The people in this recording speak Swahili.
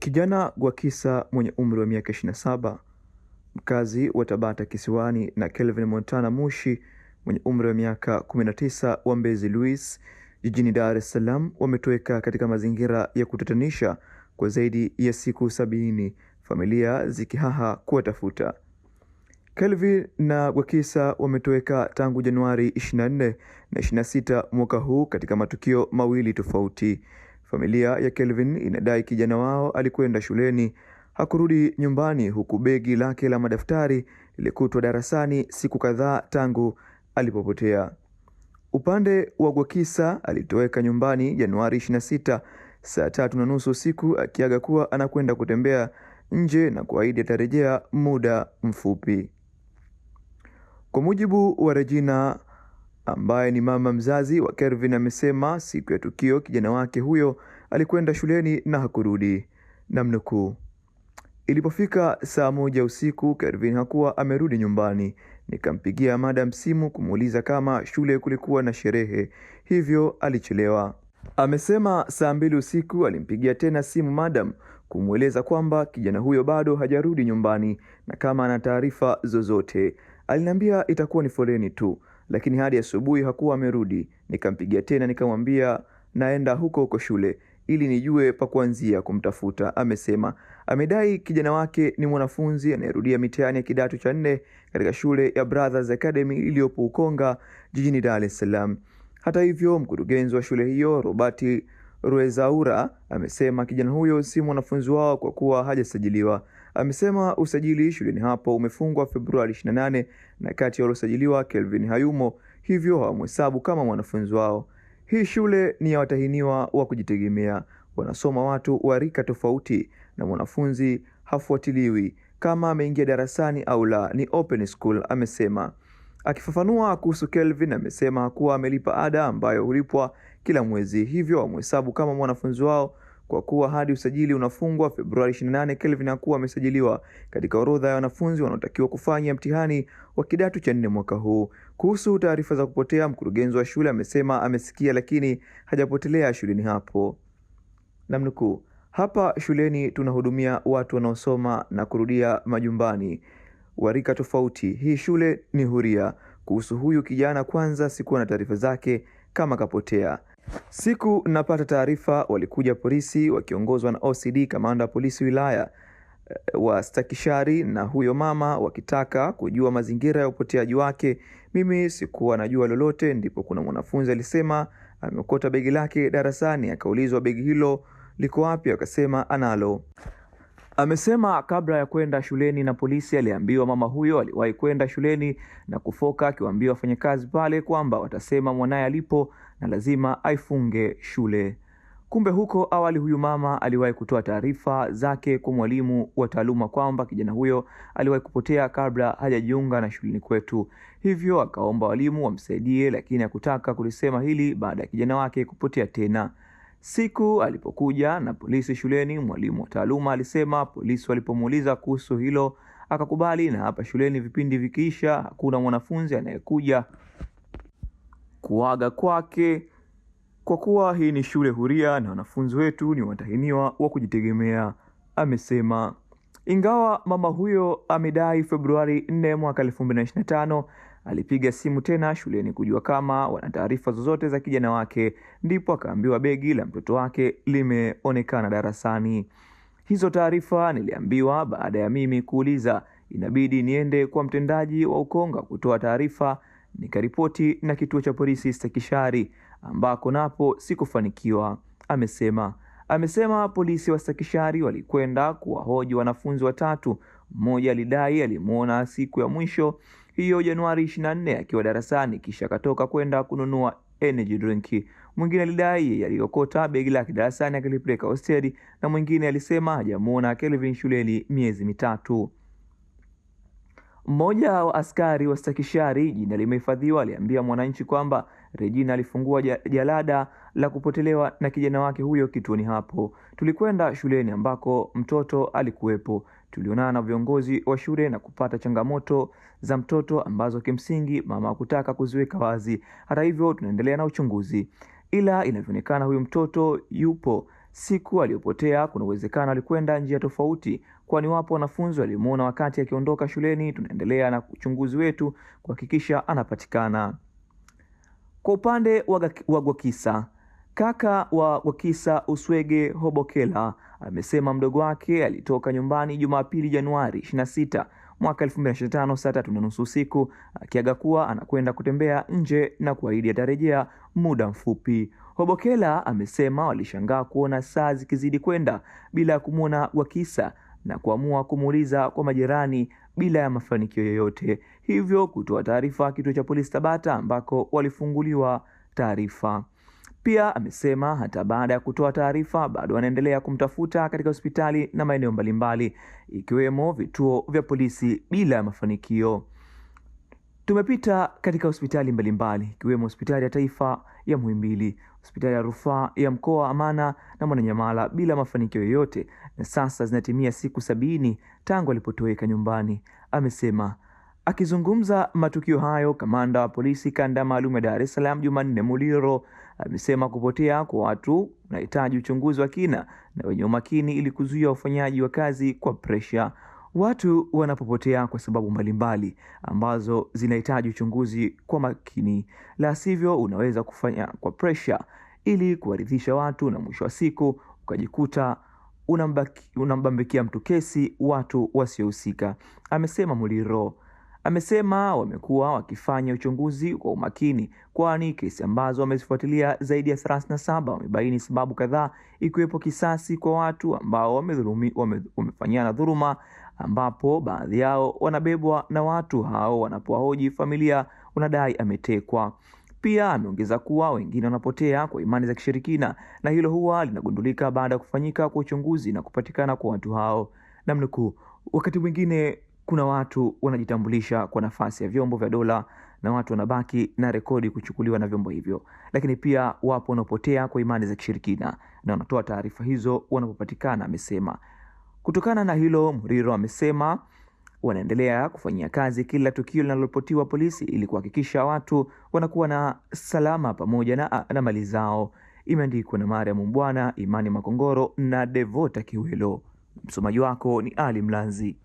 Kijana Gwakisa mwenye umri wa miaka 27 mkazi wa Tabata Kisiwani na Kelvin Montana Mushi mwenye umri wa miaka 19 wa Mbezi Luis jijini Dar es Salaam wametoweka katika mazingira ya kutatanisha kwa zaidi ya siku sabini, familia zikihaha kuwatafuta. Kelvin na Gwakisa wametoweka tangu Januari 24 na 26 mwaka huu katika matukio mawili tofauti. Familia ya Kelvin inadai kijana wao alikwenda shuleni hakurudi nyumbani, huku begi lake la madaftari lilikutwa darasani siku kadhaa tangu alipopotea. Upande wa Gwakisa alitoweka nyumbani Januari 26 saa tatu na nusu usiku akiaga kuwa anakwenda kutembea nje na kuahidi atarejea muda mfupi. Kwa mujibu wa Regina ambaye ni mama mzazi wa Kelvin amesema siku ya tukio kijana wake huyo alikwenda shuleni na hakurudi, namnukuu, ilipofika saa moja usiku Kelvin hakuwa amerudi nyumbani. Nikampigia madam simu kumuuliza kama shule kulikuwa na sherehe, hivyo alichelewa. Amesema saa mbili usiku alimpigia tena simu madam kumweleza kwamba kijana huyo bado hajarudi nyumbani na kama ana taarifa zozote. Aliniambia itakuwa ni foleni tu lakini hadi asubuhi hakuwa amerudi. Nikampigia tena nikamwambia naenda huko huko shule ili nijue pa kuanzia kumtafuta, amesema. Amedai kijana wake ni mwanafunzi anayerudia mitihani ya kidato cha nne katika shule ya Brothers Academy iliyopo Ukonga jijini Dar es Salaam. Hata hivyo, mkurugenzi wa shule hiyo Robert Ruezaura amesema kijana huyo si mwanafunzi wao kwa kuwa hajasajiliwa amesema usajili shuleni hapo umefungwa Februari 28 na kati ya waliosajiliwa Kelvin hayumo, hivyo hawamhesabu kama mwanafunzi wao. Hii shule ni ya watahiniwa wa kujitegemea, wanasoma watu wa rika tofauti na mwanafunzi hafuatiliwi kama ameingia darasani au la, ni open school, amesema. Akifafanua kuhusu Kelvin, amesema kuwa amelipa ada ambayo hulipwa kila mwezi, hivyo wamhesabu kama mwanafunzi wao kwa kuwa hadi usajili unafungwa Februari 28, Kelvin hakuwa amesajiliwa katika orodha ya wanafunzi wanaotakiwa kufanya mtihani wa kidato cha nne mwaka huu. Kuhusu taarifa za kupotea, mkurugenzi wa shule amesema amesikia, lakini hajapotelea shuleni hapo. Namnukuu, hapa shuleni tunahudumia watu wanaosoma na kurudia majumbani wa rika tofauti. Hii shule ni huria. Kuhusu huyu kijana, kwanza sikuwa na taarifa zake kama kapotea. Siku napata taarifa walikuja polisi wakiongozwa na OCD, kamanda wa polisi wilaya eh, wa Stakishari na huyo mama wakitaka kujua mazingira ya upoteaji wake. Mimi sikuwa najua lolote, ndipo kuna mwanafunzi alisema ameokota begi lake darasani. Akaulizwa begi hilo liko wapi, akasema analo. Amesema kabla ya kwenda shuleni na polisi aliambiwa mama huyo aliwahi kwenda shuleni na kufoka, akiwaambia wafanyakazi pale kwamba watasema mwanaye alipo, na lazima aifunge shule. Kumbe huko awali huyu mama aliwahi kutoa taarifa zake kwa mwalimu wa taaluma kwamba kijana huyo aliwahi kupotea kabla hajajiunga na shuleni kwetu, hivyo akaomba walimu wamsaidie, lakini hakutaka kulisema hili baada ya kijana wake kupotea tena. Siku alipokuja na polisi shuleni, mwalimu wa taaluma alisema polisi walipomuuliza kuhusu hilo akakubali, na hapa shuleni vipindi vikiisha hakuna mwanafunzi anayekuja kuaga kwake, kwa kuwa hii ni shule huria na wanafunzi wetu ni watahiniwa wa kujitegemea, amesema. Ingawa mama huyo amedai Februari 4 mwaka 2025 alipiga simu tena shuleni kujua kama wana taarifa zozote za kijana wake, ndipo akaambiwa begi la mtoto wake limeonekana darasani. Hizo taarifa niliambiwa baada ya mimi kuuliza, inabidi niende kwa mtendaji wa Ukonga kutoa taarifa nikaripoti na kituo cha polisi Stakishari ambako napo sikufanikiwa, amesema. Amesema polisi wa Stakishari walikwenda kuwahoji wanafunzi watatu. Mmoja alidai alimwona siku ya mwisho hiyo Januari 24 akiwa darasani kisha akatoka kwenda kununua energy drink. Mwingine alidai aliokota begi lake darasani akilipeleka hosteli, na mwingine alisema hajamwona Kelvin shuleni miezi mitatu. Mmoja wa askari wastakishari jina limehifadhiwa aliambia Mwananchi kwamba Regina alifungua jalada la kupotelewa na kijana wake huyo kituoni hapo. Tulikwenda shuleni ambako mtoto alikuwepo. Tulionana na viongozi wa shule na kupata changamoto za mtoto ambazo kimsingi mama hakutaka kuziweka wazi. Hata hivyo, tunaendelea na uchunguzi. Ila inavyoonekana huyu mtoto yupo Siku aliyopotea kuna uwezekano alikwenda njia tofauti, kwani wapo wanafunzi walimuona wakati akiondoka shuleni. Tunaendelea na uchunguzi wetu kuhakikisha anapatikana. Kwa upande wa Gwakisa, kaka wa Gwakisa Uswege Hobokela amesema mdogo wake alitoka nyumbani Jumapili Januari 26 mwaka 2025 saa tatu na nusu usiku akiaga kuwa anakwenda kutembea nje na kuahidi atarejea muda mfupi. Hobokela amesema walishangaa kuona saa zikizidi kwenda bila ya kumwona Gwakisa na kuamua kumuuliza kwa majirani bila ya mafanikio yoyote, hivyo kutoa taarifa kituo cha polisi Tabata ambako walifunguliwa taarifa. Pia amesema hata baada ya kutoa taarifa bado wanaendelea kumtafuta katika hospitali na maeneo mbalimbali ikiwemo vituo vya polisi bila ya mafanikio. Tumepita katika hospitali mbalimbali ikiwemo hospitali ya taifa ya Muhimbili, hospitali ya rufaa ya mkoa Amana na Mwananyamala bila mafanikio yoyote, na sasa zinatimia siku sabini tangu alipotoweka nyumbani, amesema. Akizungumza matukio hayo, kamanda wa polisi kanda maalum ya Dar es Salaam Jumanne Muliro amesema kupotea kwa watu unahitaji uchunguzi wa kina na wenye umakini ili kuzuia ufanyaji wa kazi kwa presha. Watu wanapopotea kwa sababu mbalimbali ambazo zinahitaji uchunguzi kwa makini, la sivyo unaweza kufanya kwa presha ili kuwaridhisha watu, na mwisho wa siku ukajikuta unambambikia mtu kesi watu wasiohusika, amesema Muliro. Amesema wamekuwa wakifanya uchunguzi kwa umakini, kwani kesi ambazo wamezifuatilia zaidi ya 37 wamebaini sababu kadhaa, ikiwepo kisasi kwa watu ambao wamefanyiana dhuluma ambapo baadhi yao wanabebwa na watu hao wanapowahoji familia unadai ametekwa. Pia ameongeza kuwa wengine wanapotea kwa imani za kishirikina na hilo huwa linagundulika baada ya kufanyika kwa uchunguzi na kupatikana kwa watu hao. Namnuku, wakati mwingine kuna watu wanajitambulisha kwa nafasi ya vyombo vya dola na watu wanabaki na rekodi kuchukuliwa na vyombo hivyo, lakini pia wapo wanaopotea kwa imani za kishirikina na wanatoa taarifa hizo wanapopatikana, amesema. Kutokana na hilo, Muriro amesema wanaendelea kufanyia kazi kila tukio linaloripotiwa polisi ili kuhakikisha watu wanakuwa na salama pamoja na, na mali zao. Imeandikwa na Mariam Mbwana, Imani Makongoro na Devota Kiwelo. Msomaji wako ni Ali Mlanzi.